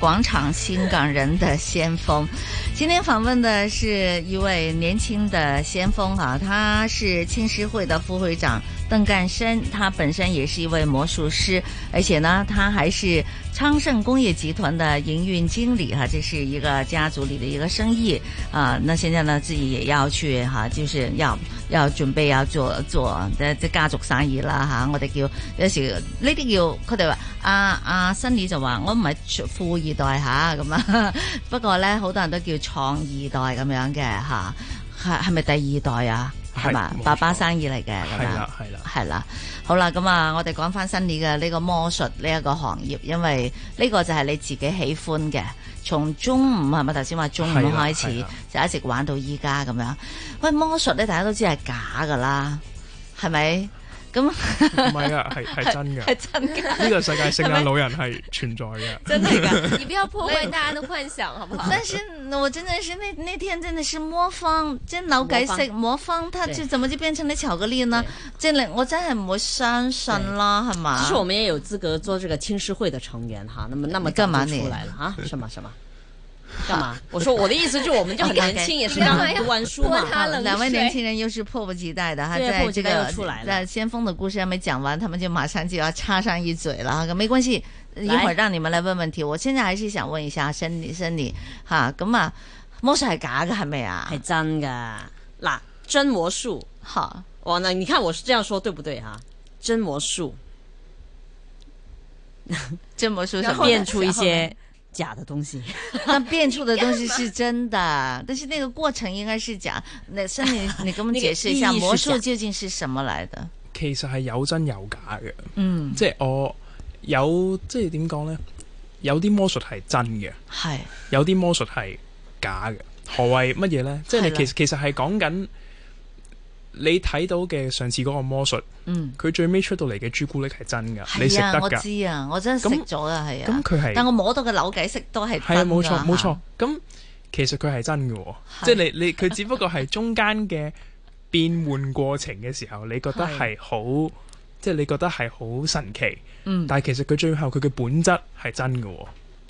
廣場新港人的先鋒，今天訪問的是一位年輕的先鋒啊，他是青獅會的副會長。鄧幹燊，他本身也是一位魔術師，而且呢，他還是昌盛工業集團的營運經理啊，這是一個家族裏的一個生意啊。那現在呢，自己也要去哈、啊，就是要要準備要做做這家族生意啦，哈、啊。我哋叫有時呢啲叫佢哋話，阿阿、啊啊、新宇就話我唔係富二代吓咁啊，啊，不過咧好多人都叫創二代咁樣嘅吓，係係咪第二代啊？係嘛，沒錯 爸爸生意嚟嘅，係啦係啦，係啦吧，好啦，咁啊，我哋講翻新嘅呢個魔術呢一個行業，因為呢個就係你自己喜歡嘅，從中午係咪頭先話中午開始，就一直玩到依家咁樣。喂，魔術咧，大家都知係假噶啦，係咪？咁唔係啊，係係真嘅，係真嘅，呢個世界聖誕老人係存在嘅，真係嘅。你不要破壞大家嘅幻想，好唔好？但是，我真的是那那天真的是魔方，即係扭計食魔方，它就怎麼就變成了巧克力呢？即係我真係唔會相信啦，係嘛？其實我們也有資格做這個青獅會嘅成員哈，那麼那麼幹嘛你出來了啊，什麼什麼？我說我的意思就，我們就很年輕，oh, okay. 也是剛讀完書嘛，兩位 冷年輕人又是迫不及待的，哈，在這個出來了在先鋒的故事還沒講完，他們就馬上就要插上一嘴了，哈，沒關係，來一會兒讓你們來問問題。我現在還是想問一下申李申李，哈，咁啊，魔術係假嘅係咪啊？係真噶那真魔術，哈，哦，那你看我是這樣說對不對哈、啊，真魔術，真魔術，想變出一些。假的東西， 但變出的東西是真的，是但是那個過程應該是假。 那假，燊你你跟我們解釋一下魔術究竟是什麼來的？其實係有真有假嘅，嗯，即係我有即係點講呢？有啲魔術係真嘅，係是有啲魔術係假嘅。何謂乜嘢呢？即係你其實的其實係講緊。你睇到嘅上次嗰個魔術，嗯，佢最尾出到嚟嘅朱古力係真噶，你食得噶。我知啊，我真係食咗啊，係啊。咁佢係，但我摸到嘅扭計骰都係係啊，冇錯冇錯。咁其實佢係真噶，即係你你佢只不過係中間嘅變換過程嘅時候，你覺得係好，即係你覺得係好神奇。但係其實佢最後佢嘅本質係真噶，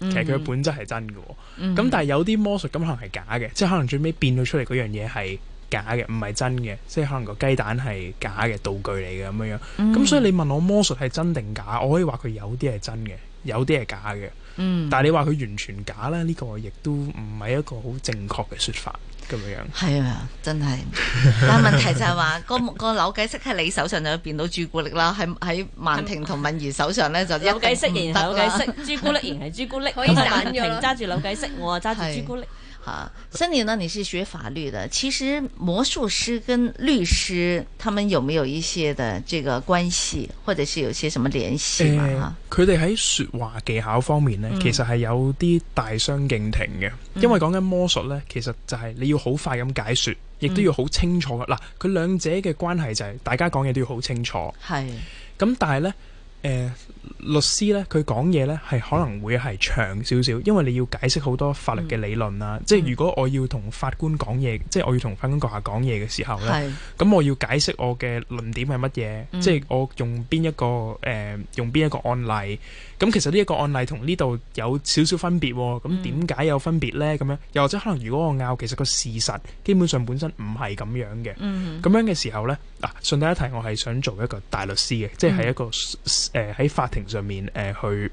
其實佢嘅本質係真噶。嗯。咁但係有啲魔術咁可能係假嘅，即係可能最尾變到出嚟嗰樣嘢係。假嘅唔係真嘅，即係可能個雞蛋係假嘅道具嚟嘅咁樣樣。咁、嗯、所以你問我魔術係真定假，我可以話佢有啲係真嘅，有啲係假嘅。嗯，但係你話佢完全假啦，呢、這個亦都唔係一個好正確嘅說法咁樣樣。係啊，真係。 但係問題就係、是、話、那個、那個扭計式喺你手上就變到朱古力啦，喺喺曼婷同敏儀手上咧就扭計色然扭計式。朱古力然係朱古力。 可以玩咗揸住扭計式我揸住朱古力。 好，燊尼呢？你是學法律的，其實魔術師跟律師，他們有沒有一些的這個關係，或者是有些什麼聯繫？佢哋喺說話技巧方面呢，嗯、其實係有啲大相徑庭嘅。因為講緊魔術呢，其實就係你要好快咁解說，亦都要好清楚。嗱、嗯，佢兩、呃、者嘅關係就係大家講嘢都要好清楚。係是，咁但係呢。誒、呃。律師咧，佢講嘢咧係可能會係長少少，因為你要解釋好多法律嘅理論啊。嗯、即係如果我要同法官講嘢，嗯、即係我要同法官閣下講嘢嘅時候咧，咁是我要解釋我嘅論點係乜嘢，嗯、即係我用邊一個誒、呃、用邊一個案例。咁其實呢一個案例同呢度有少少分別，咁點解有分別呢？咁樣又或者可能如果我拗，其實個事實基本上本身唔係咁樣嘅。咁樣、嗯、嘅時候呢，嗱、啊，順帶一提，我係想做一個大律師嘅，嗯、即係一個誒喺、呃、法。庭上面誒，去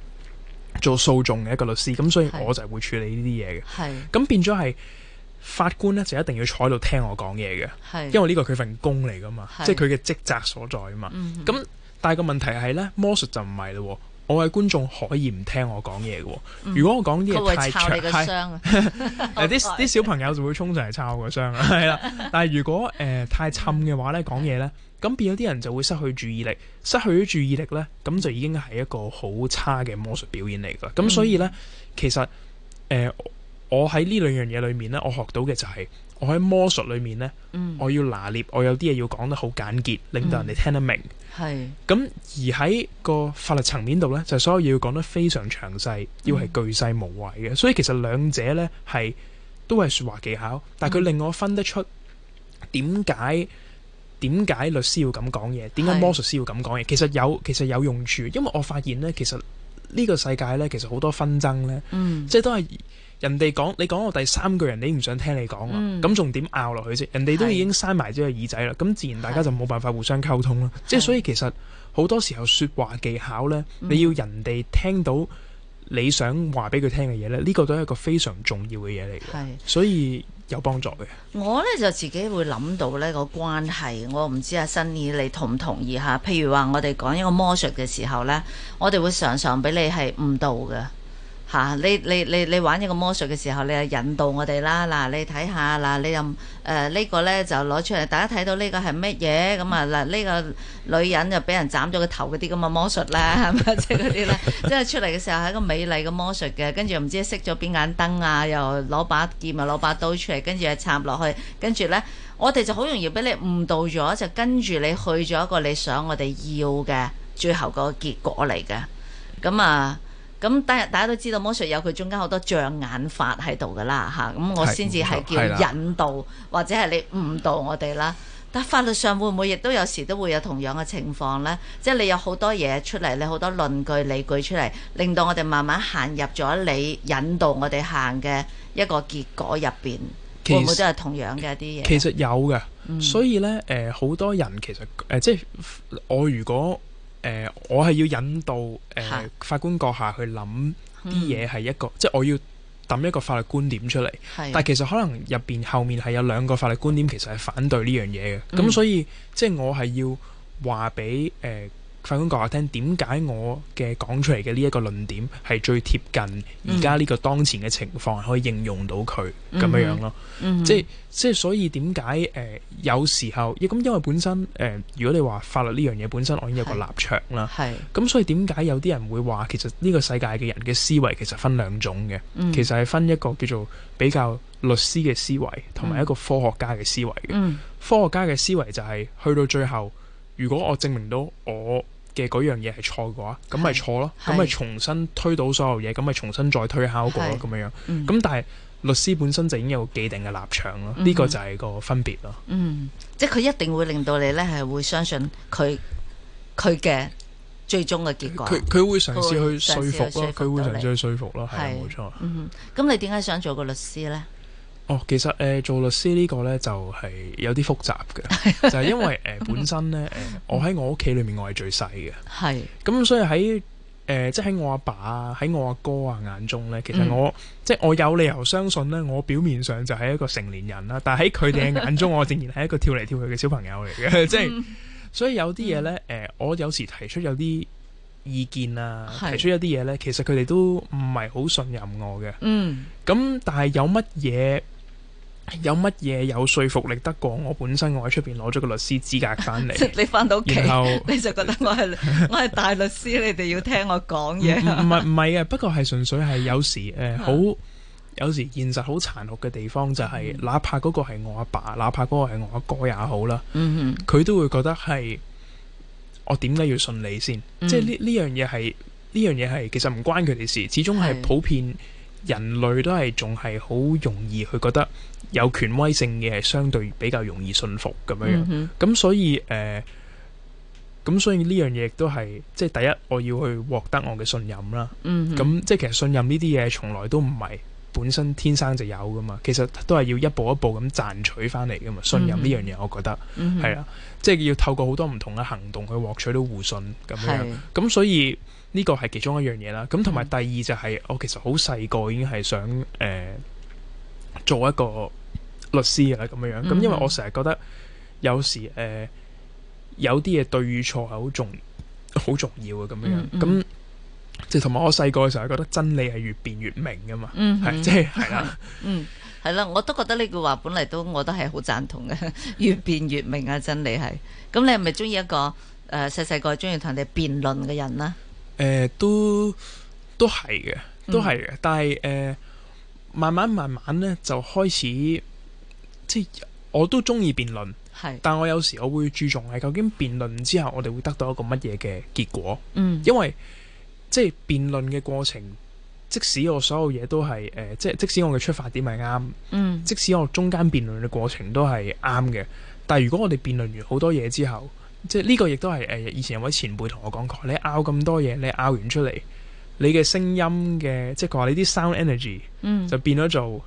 做訴訟嘅一個律師咁，所以我就係會處理呢啲嘢嘅。係咁是變咗係法官咧，就一定要坐喺度聽我講嘢嘅。係是因為呢個係佢份工嚟噶嘛，是即係佢嘅職責所在啊嘛。咁、嗯、哼但係個問題係咧，魔術就唔係啦。我嘅觀眾可以唔聽我講嘢嘅喎，如果我講啲嘢太長，係啲啲小朋友就會衝上嚟抄我個箱啦，係啦。但係如果誒、呃、太沉嘅話咧，講嘢咧，咁變咗啲人就會失去注意力，失去咗注意力咧，咁就已經係一個好差嘅魔術表演嚟㗎。咁所以咧，嗯、其實誒、呃、我喺呢兩樣嘢裏面咧，我學到嘅就係我喺魔術裏面咧，嗯、我要拿捏，我有啲嘢要講得好簡潔，令到人哋聽得、嗯、明。係，咁是而喺個法律層面度呢，就是、所有嘢要講得非常詳細，要係巨細無遺嘅。嗯、所以其實兩者呢，係都係說話技巧，但係佢令我分得出點解點解律師要咁講嘢，點解魔術師要咁講嘢。是其實有其實有用處，因為我發現呢，其實呢個世界呢，其實好多紛爭呢，即係、嗯、都係。人哋講你講我第三句，人你唔想聽你講啊。咁仲點拗落去啫？人哋都已經閂埋隻耳仔啦，咁的自然大家就冇辦法互相溝通啦。的即係所以其實好多時候説話技巧呢，的你要人哋聽到你想話俾佢聽嘅嘢呢，呢、嗯、個都係一個非常重要嘅嘢嚟嘅。係的，所以有幫助嘅。我呢就自己會諗到呢、那個關係，我唔知阿新意你同唔同意嚇？譬如話我哋講一個魔術嘅時候呢，我哋會常常俾你係誤導嘅。嚇、啊！你你你你玩呢個魔術嘅時候，你啊引導我哋啦。嗱，你睇下嗱，你又誒呢個咧就攞出嚟，大家睇到呢個係乜嘢咁啊？嗱，呢、這個女人就俾人斬咗個頭嗰啲咁啊，魔術啦，係咪？即係嗰啲咧，即、就、係、是、出嚟嘅時候係一個美麗嘅魔術嘅，跟住又唔知熄咗邊眼燈啊，又攞把劍啊，攞把刀出嚟，跟住插落去，跟住咧我哋就好容易俾你誤導咗，就跟住你去咗一個你想我哋要嘅最後個結果嚟嘅。咁啊～咁但係大家都知道魔術有佢中間好多障眼法喺度噶啦嚇，咁、啊、我先至係叫引導或者係你誤導我哋啦。但法律上會唔會亦都有時都會有同樣嘅情況咧？即係你有好多嘢出嚟，你好多論據理據出嚟，令到我哋慢慢行入咗你引導我哋行嘅一個結果入邊，實會唔會都係同樣嘅啲嘢？其實有嘅，嗯、所以咧誒，好、呃、多人其實誒、呃，即係我如果。誒、呃，我係要引導誒、呃、法官閣下去諗啲嘢係一個，嗯、即係我要揼一個法律觀點出嚟。是啊、但係其實可能入邊後面係有兩個法律觀點，其實係反對呢樣嘢嘅。咁、嗯、所以即係我係要話俾誒、呃法官講下聽，點解我嘅講出嚟嘅呢一個論點係最貼近而家呢個當前嘅情況，mm hmm. 可以應用到佢咁樣咯、mm hmm.？即係即係，所以點解誒？有時候亦咁，因為本身誒、呃，如果你話法律呢樣嘢本身我已經有個立場啦，係咁，所以點解有啲人會話其實呢個世界嘅人嘅思維其實分兩種嘅，mm hmm. 其實係分一個叫做比較律師嘅思維，同埋一個科學家嘅思維嘅。Mm hmm. 科學家嘅思維就係、是、去到最後，如果我證明到我嘅嗰樣嘢係錯嘅話，咁咪錯咯，咁咪係重新推倒所有嘢，咁咪重新再推敲過咯，咁樣係樣。咁、嗯、但係律師本身就已經有既定嘅立場咯，呢、嗯、哼個就係個分別咯。嗯，即係佢一定會令到你咧係會相信佢佢嘅最終嘅結果。佢佢會嘗試去説服咯，佢會嘗試去説服咯，係冇錯。嗯，咁你點解想做個律師咧？哦，其實誒做律師呢個呢，就係有啲複雜嘅，就係因為誒本身呢，誒我喺我屋企裏面我係最細嘅，係，咁所以喺誒即係喺我阿爸啊喺我阿哥啊眼中呢，其實我即係我有理由相信呢，我表面上就係一個成年人啦，但係喺佢哋嘅眼中，我仍然係一個跳嚟跳去嘅小朋友嚟嘅，即係，所以有啲嘢呢，誒我有時提出有啲意見啊，提出一啲嘢呢，其實佢哋都唔係好信任我嘅，嗯，咁但係有乜嘢？有乜嘢有說服力得過我本身？我喺出邊攞咗個律師資格翻嚟， 你翻到屋企，然後 你就覺得我係我係大律師，你哋要聽我講嘢。唔係唔係啊，不過係純粹係有時誒，好的有時現實好殘酷嘅地方就係、是嗯，哪怕嗰個係我阿爸，哪怕嗰個係我阿哥也好啦，佢、嗯、哼都會覺得係我點解要信你先？嗯、即係呢呢樣嘢係呢樣嘢係，其實唔關佢哋事，始終係普遍對。人類都係仲係好容易，去覺得有權威性嘅係相對比較容易信服咁樣樣。咁、嗯、哼所以誒，咁、呃、所以呢樣嘢亦都係即係第一，我要去獲得我嘅信任啦。咁、嗯、哼即係其實信任呢啲嘢從來都唔係本身天生就有噶嘛，其實都係要一步一步咁賺取翻嚟噶嘛。信任呢樣嘢，我覺得係、嗯、哼啦，即係要透過好多唔同嘅行動去獲取到互信咁樣。咁是所以。呢個係其中一樣嘢啦。咁同埋，第二就係我其實好細個已經係想誒、呃、做一個律師啦。咁樣樣咁，嗯嗯，因為我成日覺得有時誒、呃、有啲嘢對與錯係好重好重要嘅。咁樣嗯嗯樣咁即係同埋，我細個嘅時候覺得真理係越辯越明噶嘛。係即係係啦。嗯，係啦、就係啊 嗯啊，我都覺得呢句話本嚟都我都係好贊同嘅。 越辯越明啊，真理係。咁你係咪中意一個誒細細個中意同你辯論嘅人呢？誒、呃，都都係嘅，都係嘅，嗯、但係誒、呃，慢慢慢慢咧，就開始即係，我都中意辯論，係，但我有時我會注重係究竟辯論之後，我哋會得到一個乜嘢嘅結果，嗯，因為即係辯論嘅過程，即使我所有嘢都係誒，即係即使我嘅出發點係啱，即使我，嗯，即使我中間辯論嘅過程都係啱嘅，但係如果我哋辯論完好多嘢之後。即係呢個，亦都係誒，以前有位前輩同我講過，你拗咁多嘢，你拗完出嚟，你嘅聲音嘅，即係佢話你啲 sound energy、嗯、就變咗做誒、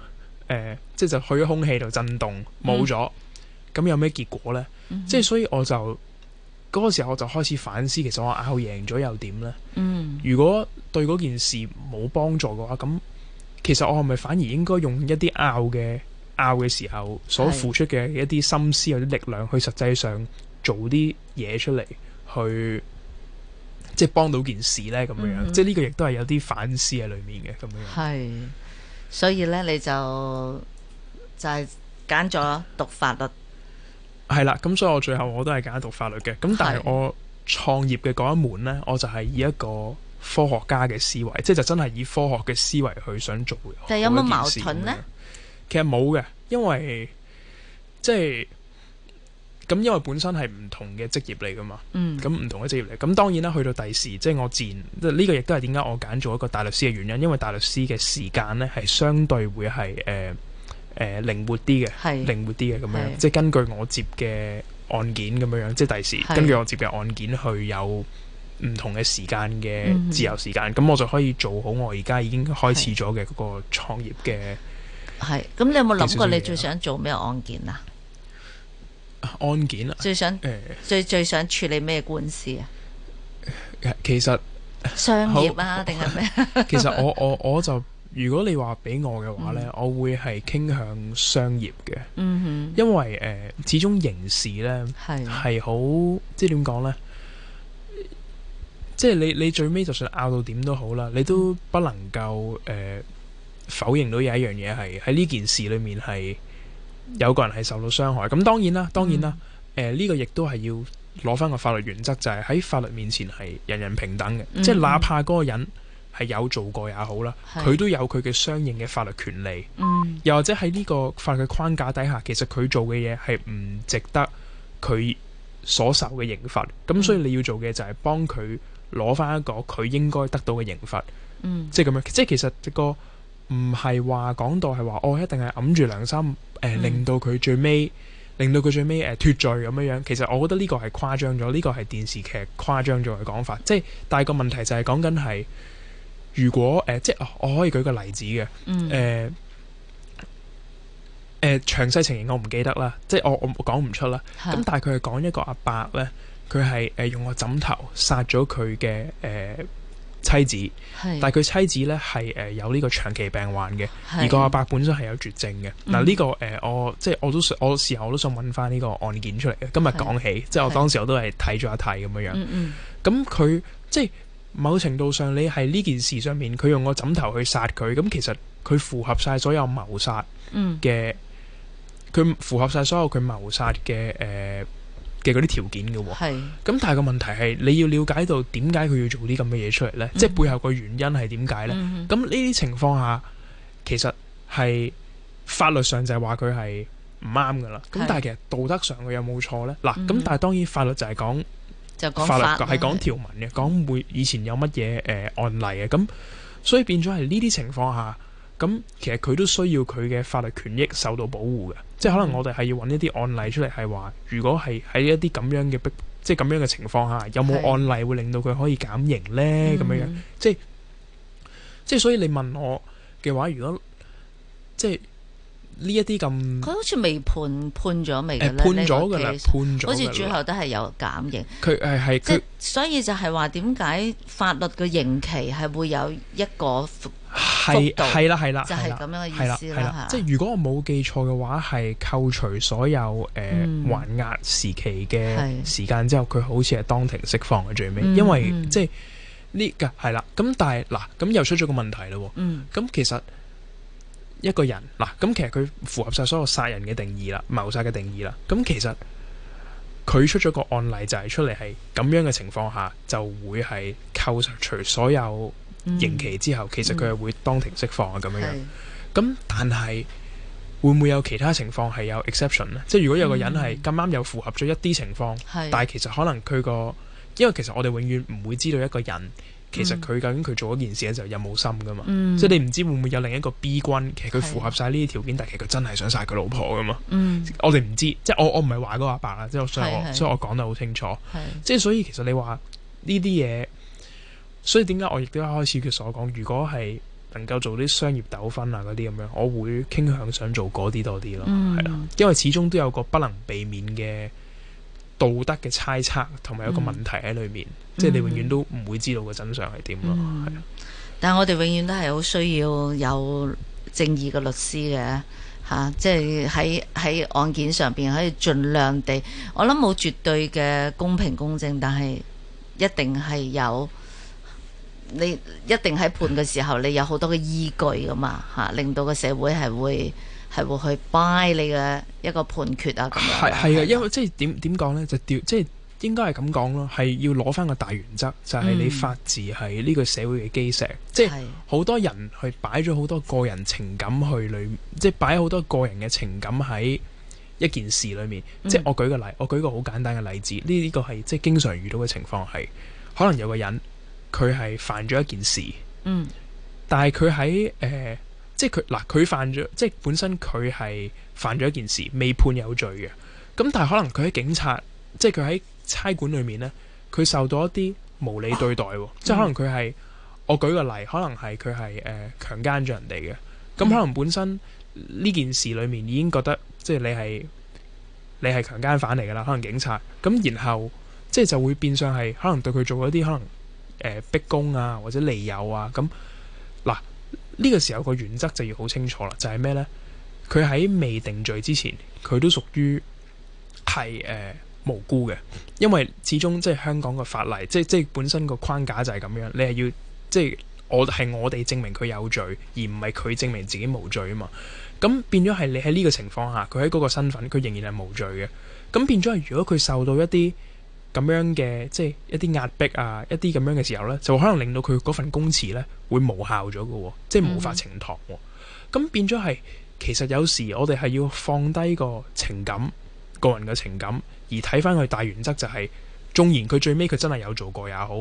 呃，即係就去咗空氣度震動，冇咗咁有咩、嗯、結果呢？嗯、哼即係所以我就嗰、嗰個時候我就開始反思，其實我拗贏咗又點呢？嗯、如果對嗰件事冇幫助嘅話，咁其實我係咪反而應該用一啲拗嘅拗嘅時候所付出嘅一啲心思或啲力量去實際上？做啲嘢出嚟，去即係幫到件事呢。咁樣樣，嗯嗯即係呢個亦都係有啲反思喺裏面嘅，咁樣樣。係，所以呢，你就就係揀咗讀法律。係啦，咁 所以我最後我都係揀讀法律嘅。咁但係我創業嘅嗰一門呢，我就係以一個科學家嘅思維，即係就是真係以科學嘅思維去想做。但就有冇矛盾呢？其實冇嘅，因為即係。咁因為本身係唔同嘅職業嚟噶嘛，咁唔同嘅職業嚟，咁、嗯、當然啦，去到第時，即係我自然，呢、呢個亦都係點解我揀做一個大律師嘅原因，因為大律師嘅時間咧係相對會係誒誒靈活啲嘅，靈是活啲嘅咁樣，是即係根據我接嘅案件咁樣樣，即係第時根據我接嘅案件去有唔同嘅時間嘅自由時間，咁、嗯、哼我就可以做好我而家已經開始咗嘅嗰個創業嘅。係，咁你有冇諗過你最想做咩案件啊？案件啦，最想誒，呃、最最想處理咩官司啊？其實商業啊，定係咩？ 其實我我我就如果你話俾我嘅話呢，嗯、我會係傾向商業嘅。嗯哼，因為誒、呃，始終刑事呢係係好，即係點講呢？即係你你最尾就算拗到點都好啦，你都不能夠誒、呃、否認到有一樣嘢係喺呢件事裏面係。有個人係受到傷害，咁當然啦，當然啦，誒呢、嗯呃呢個亦都係要攞翻個法律原則，就係、係、喺法律面前係人人平等嘅，嗯嗯即係哪怕嗰個人係有做過也好啦，佢是都有佢嘅相應嘅法律權利，嗯、又或者喺呢個法律嘅框架底下，其實佢做嘅嘢係唔值得佢所受嘅刑罰，咁、嗯、所以你要做嘅就係幫佢攞翻一個佢應該得到嘅刑罰，嗯、即係咁樣，即係其實、嗰個。唔係話講到係話我一定係揞住良心，誒、呃嗯、令到佢最尾，令到佢最尾誒脫罪咁樣樣。其實我覺得呢個係誇張咗，呢個係電視劇誇張咗嘅講法。即係但係個問題就係講緊係，如果誒、呃、即係我可以舉個例子嘅，誒誒、嗯呃、詳細情形我唔記得啦，即係我我講唔出啦。咁、啊、但係佢係講一個阿伯呢，佢係誒用個枕頭殺咗佢嘅誒。呃妻子，但係佢妻子呢係誒有呢個長期病患嘅，是而個阿伯本身係有絕症嘅。嗱呢、嗯這個誒我即係我都我事後我都想搵返呢個案件出嚟嘅，今日講起，是即係我當時我都係睇咗一睇咁樣樣。咁佢、嗯嗯、即係某程度上，你係呢件事上面，佢用個枕頭去殺佢，咁其實佢符合晒所有謀殺嘅，佢、嗯、符合晒所有佢謀殺嘅誒。呃嘅嗰啲條件嘅喎，咁是但係個問題係你要了解到點解佢要做啲咁嘅嘢出嚟呢？嗯、哼即係背後個原因係點解呢？咁呢啲情況下其實係法律上就係話佢係唔啱噶啦。咁是但係其實道德上佢有冇錯呢？嗱、嗯哼，咁但係當然法律就係講就講法律係講條文嘅，是講每以前有乜嘢誒案例嘅咁，所以變咗係呢啲情況下。咁其實佢都需要佢嘅法律權益受到保護嘅，即係可能我哋係要揾一啲案例出嚟，係話如果係喺一啲咁樣嘅逼，即係咁樣嘅情況下，有冇案例會令到佢可以減刑呢？咁、嗯、樣樣，即係即係，所以你問我嘅話，如果即係呢一啲咁，佢好似未判判咗未判咗噶啦，判咗、欸、好似最後都係有減刑。佢係係佢，所以就係話點解法律嘅刑期係會有一個？係係啦，係啦是，就係咁樣嘅意思啦。即係如果我冇記錯嘅話，係扣除所有誒、呃嗯、還押時期嘅時間之後，佢好似係當庭釋放嘅最尾，因為、嗯、即係呢、這個係啦。咁但係嗱，咁又出咗個問題咯。嗯，咁其實一個人嗱，咁其實佢符合晒所有殺人嘅定義啦，謀殺嘅定義啦。咁其實佢出咗個案例就係出嚟係咁樣嘅情況下，就會係扣除所有。刑期之後，其實佢係會當庭釋放啊，咁樣樣。咁是但係會唔會有其他情況係有 exception 呢？嗯、即係如果有個人係咁啱又符合咗一啲情況，是但係其實可能佢個，因為其實我哋永遠唔會知道一個人，其實佢究竟佢做嗰件事嘅時候有冇心噶嘛。即係、嗯、你唔知會唔會有另一個 B 君，其實佢符合晒呢啲條件，是但係其實佢真係想殺佢老婆噶嘛。嗯、我哋唔知，即係我我唔係話嗰個阿伯啦，即係我所以我所以我講得好清楚。即係所，所，所，所以其實你話呢啲嘢。所以點解我亦都一開始佢所講，如果係能夠做啲商業糾紛啊嗰啲咁樣，我會傾向想做嗰啲多啲咯，係啦、嗯，因為始終都有個不能避免嘅道德嘅猜測，同埋有個問題喺裏面，嗯、即係你永遠都唔會知道個真相係點咯。係、嗯，的但係我哋永遠都係好需要有正義嘅律師嘅吓，即係喺喺案件上邊可以盡量地，我諗冇絕對嘅公平公正，但係一定係有。你一定喺判嘅時候，你有好多嘅依據噶嘛吓、啊，令到個社會係會係會去 buy 你嘅一個判決啊。咁樣，係係啊，因為即係點點講咧，就調即係應該係咁講咯，係要攞翻個大原則，就係你法治係呢個社會嘅基石。嗯、即係好多人去擺咗好多個人情感去裏面，即係擺好多個人嘅情感喺一件事裏面。嗯、即係我舉個例，我舉個好簡單嘅例子，呢呢個係即係經常遇到嘅情況係，可能有個人。佢係犯咗一件事，嗯，但係佢喺誒，即係佢嗱，佢、呃、犯咗，即係本身佢係犯咗一件事，未判有罪嘅。咁但係可能佢喺警察，即係佢喺差館裏面呢，佢受到一啲無理對待，啊、即係可能佢係，我舉個例，可能係佢係誒強奸咗人哋嘅。咁可能本身呢、嗯、件事裏面已經覺得，即係你係你係強奸犯嚟噶啦，可能警察咁，然後即係就會變相係可能對佢做一啲可能。誒、呃、逼供啊，或者利誘啊，咁嗱呢個時候個原則就要好清楚啦，就係、是、咩呢？佢喺未定罪之前，佢都屬於係誒無辜嘅，因為始終即係香港嘅法例，即即本身個框架就係咁樣，你係要即我係我哋證明佢有罪，而唔係佢證明自己無罪啊嘛。咁變咗係你喺呢個情況下，佢喺嗰個身份，佢仍然係無罪嘅。咁變咗係如果佢受到一啲。咁樣嘅即係一啲壓迫啊，一啲咁樣嘅時候呢，就可能令到佢嗰份供詞呢會無效咗嘅、哦，即係無法呈堂。咁、嗯、變咗係其實有時我哋係要放低個情感、個人嘅情感，而睇翻佢大原則就係、是，縱然佢最尾佢真係有做過也好，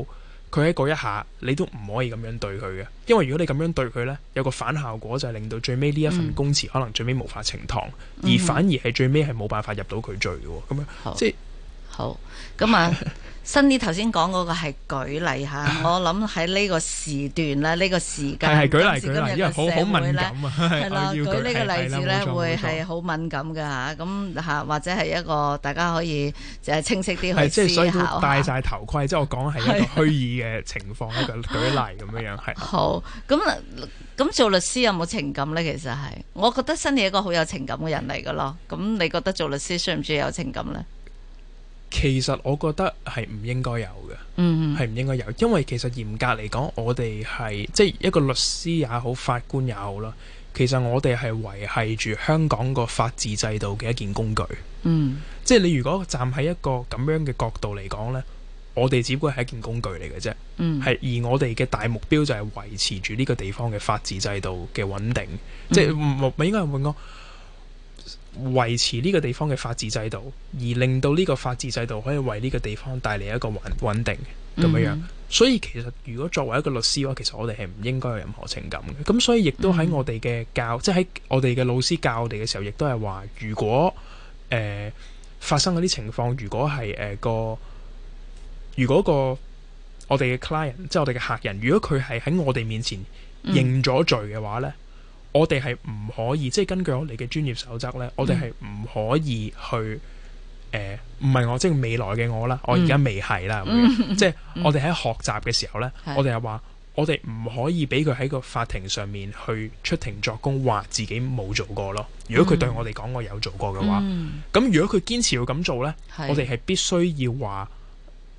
佢喺嗰一下你都唔可以咁樣對佢嘅，因為如果你咁樣對佢呢，有個反效果就係令到最尾呢一份供詞可能最尾無法呈堂，嗯、而反而係最尾係冇辦法入到佢罪嘅、哦。咁樣好即係。好咁啊，Sunny 頭先講嗰個係舉例吓，我諗喺呢個時段咧，呢個時間係係舉例因為好敏感啊，係啦，舉呢個例子咧會係好敏感嘅吓，咁吓或者係一個大家可以就係清晰啲去思考，戴晒頭盔，即係我講係一個虛擬嘅情況一個舉例咁樣樣係。好，咁咁做律師有冇情感咧？其實係，我覺得 Sunny 係一個好有情感嘅人嚟噶咯。咁你覺得做律師需唔需要有情感咧？其實我覺得係唔應該有嘅，係唔應該有，嗯哼，因為其實嚴格嚟講，我哋係即係一個律師也好、法官也好啦。其實我哋係維係住香港個法治制度嘅一件工具。嗯，即係你如果站喺一個咁樣嘅角度嚟講呢，我哋只不過係一件工具嚟嘅啫。嗯，係而我哋嘅大目標就係維持住呢個地方嘅法治制度嘅穩定，即係冇冇應該唔應該？維持呢個地方嘅法治制度，而令到呢個法治制度可以為呢個地方帶嚟一個穩穩定咁樣樣。Mm hmm. 所以其實如果作為一個律師嘅話，其實我哋係唔應該有任何情感嘅。咁所以亦都喺我哋嘅教，mm hmm. 即係喺我哋嘅老師教我哋嘅時候，亦都係話，如果誒、呃、發生嗰啲情況，如果係誒、呃、個如果個我哋嘅 client，即係我哋嘅客人，如果佢係喺我哋面前認咗罪嘅話呢。Mm hmm. 我哋係唔可以，即係根據我哋嘅專業守則呢、嗯呃就是，我哋係唔可以去，誒、嗯，唔係我即係未來嘅我啦，我而家未係啦，即係我哋喺學習嘅時候呢，嗯、我哋係話，我哋唔可以俾佢喺個法庭上面去出庭作供，話自己冇做過咯。如果佢對我哋講我有做過嘅話，咁、嗯、如果佢堅持要咁做呢，嗯、我哋係必須要話，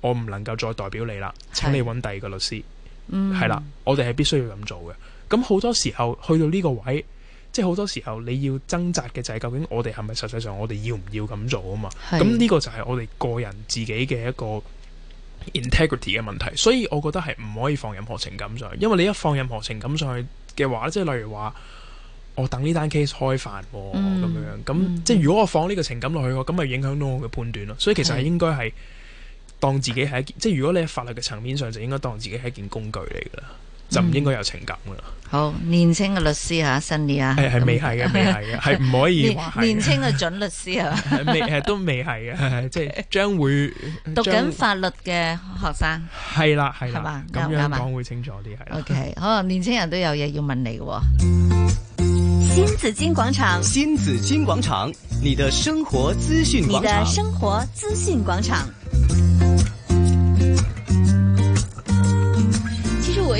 我唔能夠再代表你啦，請是你揾第二個律師，係啦、嗯，我哋係必須要咁做嘅。咁好多時候去到呢個位，即係好多時候你要掙扎嘅就係究竟我哋係咪實際上我哋要唔要咁做啊嘛？咁呢的個就係我哋個人自己嘅一個 integrity 嘅問題。所以，我覺得係唔可以放任何情感上去，因為你一放任何情感上去嘅話，即係例如話我等呢單 case 開飯咁樣，咁即係如果我放呢個情感落去，咁咪影響到我嘅判斷咯。所以其實係應該係的當自己係一件，即係如果你喺法律嘅層面上，就應該當自己係一件工具嚟噶啦。嗯、就唔應該有情感噶啦。好年青嘅律師嚇、啊，新啲啊。係係未係嘅，未係嘅，係唔 可以 年。年青嘅準律師啊，未係都未係嘅，即係將會，Okay. 將會讀緊法律嘅學生。係啦係啦，咁吧樣講會清楚啲係。 OK，好年青人都有嘢要問你嘅喎。新紫荊廣場，新紫荊廣場，你的生活資訊，你的生活資訊廣場。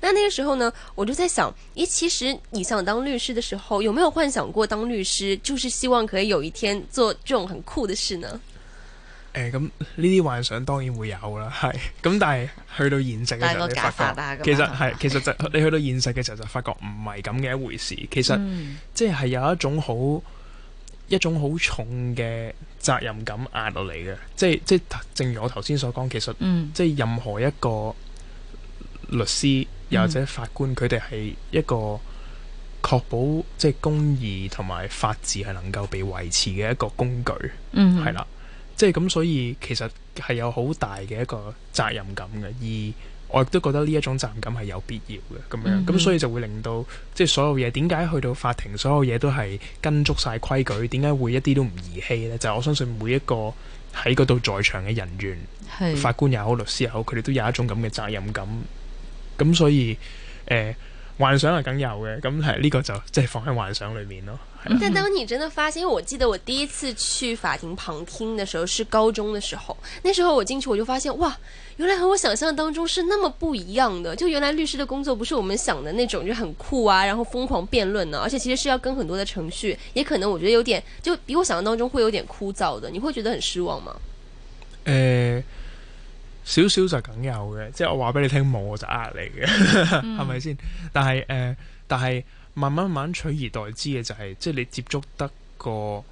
那那個時候呢，我就在想，咦，其實你想當律師嘅時候，有沒有幻想過當律師，就是希望可以有一天做這種很酷的事呢？誒、欸，咁呢啲幻想當然會有啦，係咁，但係去到現實嘅時候，你發覺，其實係，嗎其實就你去到現實嘅時候就發覺唔係咁嘅一回事。其實、嗯、即係有一種好一種好重嘅責任感壓落嚟嘅，即係即係正如我頭先所講，其實、嗯、即係任何一個律師。又或者法官佢哋係一個確保即係公義同埋法治係能夠被維持嘅一個工具，嗯哼，係啦，即係咁，所以其實係有好大嘅一個責任感嘅，而我亦都覺得呢一種責任感係有必要嘅，咁樣，咁、嗯、哼所以就會令到即係所有嘢，點解去到法庭所有嘢都係跟足晒規矩，點解會一啲都唔兒戲咧？就係、是、我相信每一個喺嗰度在場嘅人員，的法官又好，律師又好，佢哋都有一種咁嘅責任感。咁所以，誒，幻想係梗有嘅，咁係呢個就即係放喺幻想裏面咯。但當你真的發現，因為我記得我第一次去法庭旁聽的時候，是高中的時候。那時候我進去我就發現：哇，原來和我想象當中是那麼不一樣的。就原來律師的工作不是我們想的那種，就很酷啊，然後瘋狂辯論啊，而且其實是要跟很多的程序，也可能我覺得有點就比我想象當中會有點枯燥的。你會覺得很失望嗎？誒。呃少少就梗有嘅，即係我話俾你聽，冇我就呃你嘅，係咪先？但係誒、呃，但係慢，慢慢慢取而代之嘅就係、是，即係你接觸得個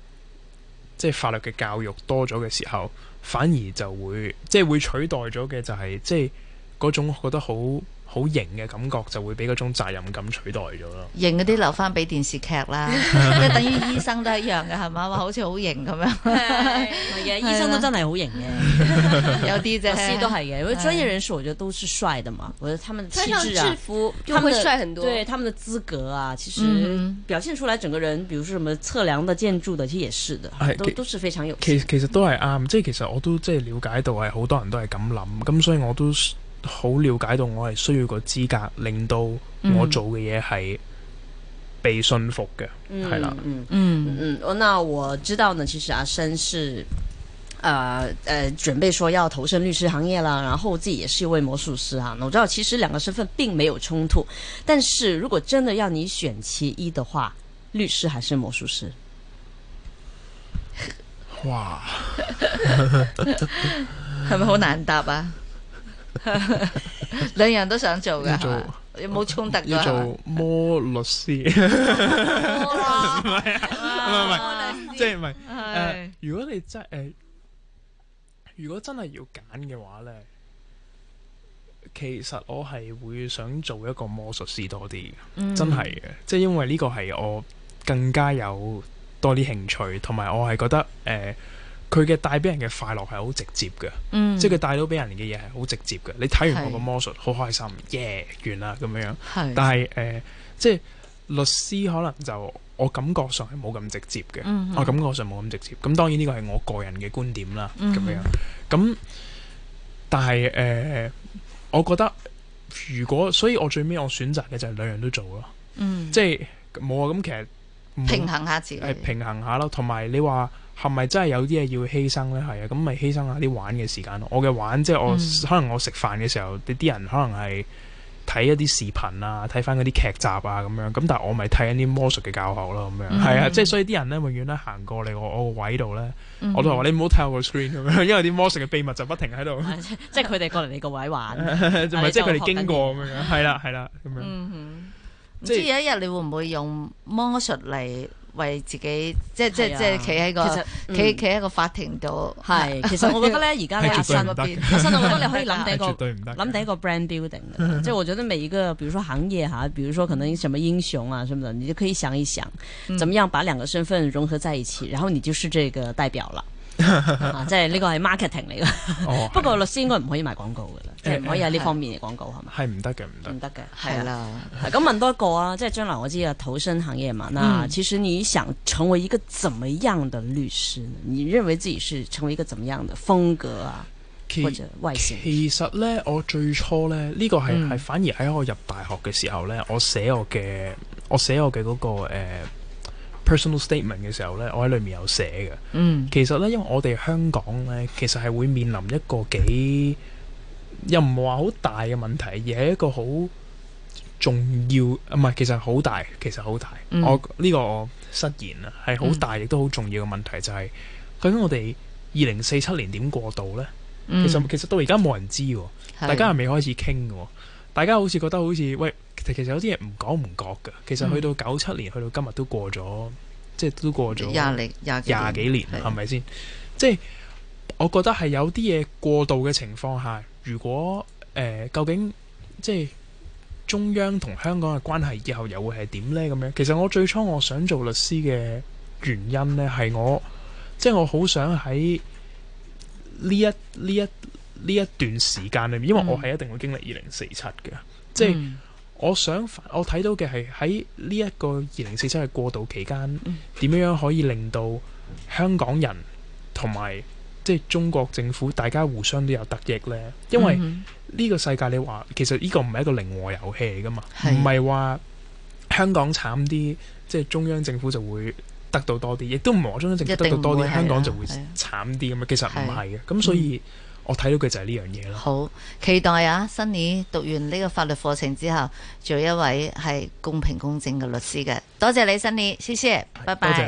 即係法律嘅教育多咗嘅時候，反而就會即係會取代咗嘅就係、是，即係嗰種覺得好。好型嘅感覺就會俾嗰種責任感取代咗咯。型嗰啲留翻俾電視劇啦，即係 等於醫生都一樣嘅，係嘛？好似好型咁樣，係 嘅， 醫生都真係好型嘅， 有啲即係都係嘅。對因為專業人士，我覺得都是帥嘅嘛。我覺得他們穿上制服就會帥很多。對，他們嘅資格啊，其實表現出來，整個人，比如說什麼測量嘅、建築的，其實也是的，都、嗯、對都是非常有。其實其實都係啱，即係其實我都即係了解到係好多人都係咁諗，咁所以我都。好了解到我係需要個資格，令到我做嘅嘢係被信服嘅，係啦。嗯嗯嗯，我那我知道呢，其實阿燊是，誒、呃、誒、呃，準備說要投身律師行業啦。然後自己也是一位魔術師啊。我知道其實兩個身份並沒有衝突，但是如果真的要你選其一的話，律師還是魔術師？ 哇，係咪好難答啊？兩樣都想做嘅，做有冇衝突嘅。要做魔術師，唔係、oh, oh. 啊，唔係唔係，即係唔係。啊、如果你真誒、呃，如果真係要揀嘅話呢，其實我係會想做一個魔術師多啲、mm. 真係嘅，即、就、係、是、因為呢個係我更加有多啲興趣，同埋我係覺得誒。呃佢嘅帶俾人嘅快樂係好直接嘅，嗯、即係佢帶到俾人嘅嘢係好直接嘅。你睇完我個魔術，好是開心，耶、yeah！完啦咁樣樣。係是。但係誒、呃，即係律師可能就我感覺上係冇咁直接嘅。我感覺上冇咁直、嗯、哼直接。咁當然呢個係我個人嘅觀點啦。咁、嗯、樣咁，但係誒、呃，我覺得如果所以，我最尾我選擇嘅就係兩樣都做咯。嗯。即係冇啊！咁其實平衡下自己，平衡下咯。同埋你話。係咪真係有啲嘢要犧牲咧？係啊，咁咪犧牲下啲玩嘅時間咯。我嘅玩即係我，可能我食飯嘅時候，啲、嗯、人可能係睇一啲視頻啊，睇翻嗰啲劇集啊咁、啊、樣。咁但係我咪睇緊啲魔術嘅教學咯，咁樣係啊。即係所以啲人咧，永遠咧行過嚟，我我個位度咧，我都話你唔好睇我個 screen 咁樣，因為啲魔術嘅秘密就不停喺度。嗯、哼 即係佢哋過嚟你個位玩，唔係即係佢哋經過咁樣。係啦係啦咁樣。唔、嗯、知有一日你會唔會用魔術嚟？為自己，即即即企喺個，企企喺個法庭度，係。其實我覺得咧，而家喺新嗰邊，新我覺得你可以諗第一個，諗第一個 brand building。即係我覺得每一個，比如說行業嚇，比如說可能什麼英雄啊，什麼的，你就可以想一想，怎麼樣把兩個身份融合在一起，然後你就是這個代表啦。即係呢個係 marketing 嚟嘅，不過律師應該唔可以賣廣告㗎啦。唔可以喺呢方面嘅廣告，係嘛？係唔得嘅，唔得。唔得嘅，係啦。咁問多一個啊，即係將來我知啊，投身行業嘛啊，其實你想成為一個怎麼樣嘅律師？你認為自己是成為一個怎麼樣嘅風格啊，或者外形？其實呢，我最初呢，呢個係係反而喺我入大學嘅時候呢，我寫我嘅我寫我嘅嗰個 personal statement 嘅時候呢，我喺裏面有寫嘅。嗯，其實呢，因為我哋香港呢，其實係會面臨一個幾。又唔話好大嘅問題，而係一個好重要啊！唔係，其實好大，其實好大。嗯、我呢、呢個我失言啦，係好大，嗯、亦都好重要嘅問題、就係，就係究竟我哋二零四七年點過渡呢？其實其實到而家冇人知喎，嗯、大家係未開始傾嘅喎，是的 大家好似覺得好似喂，其實有啲嘢唔講唔覺嘅。其實去到九七年，去到今日都過咗，即係都過咗廿年廿是的 幾年，係咪先？即係我覺得係有啲嘢過渡嘅情況下。如果誒、呃，究竟即係中央同香港嘅關係以後又會係點咧？咁樣其實我最初我想做律師嘅原因咧，係我即係我好想喺呢一呢一呢一段時間裏面，因為我係一定會經歷二零四七嘅。嗯、即係我想我睇到嘅係喺呢一個二零四七嘅過渡期間點、嗯、樣可以令到香港人同埋。即係中國政府，大家互相都有得益咧。因為呢個世界你話，其實呢個唔係一個零和遊戲嚟噶嘛，唔係話香港慘啲，即係中央政府就會得到多啲，亦都唔係話中央政府得到多啲，香港就會慘啲咁啊。的其實唔係嘅，咁的所以我睇到嘅就係呢樣嘢啦。好，期待啊！新宇讀完呢個法律課程之後，做一位係公平公正嘅律師嘅。多謝你，新宇，謝謝，的拜拜。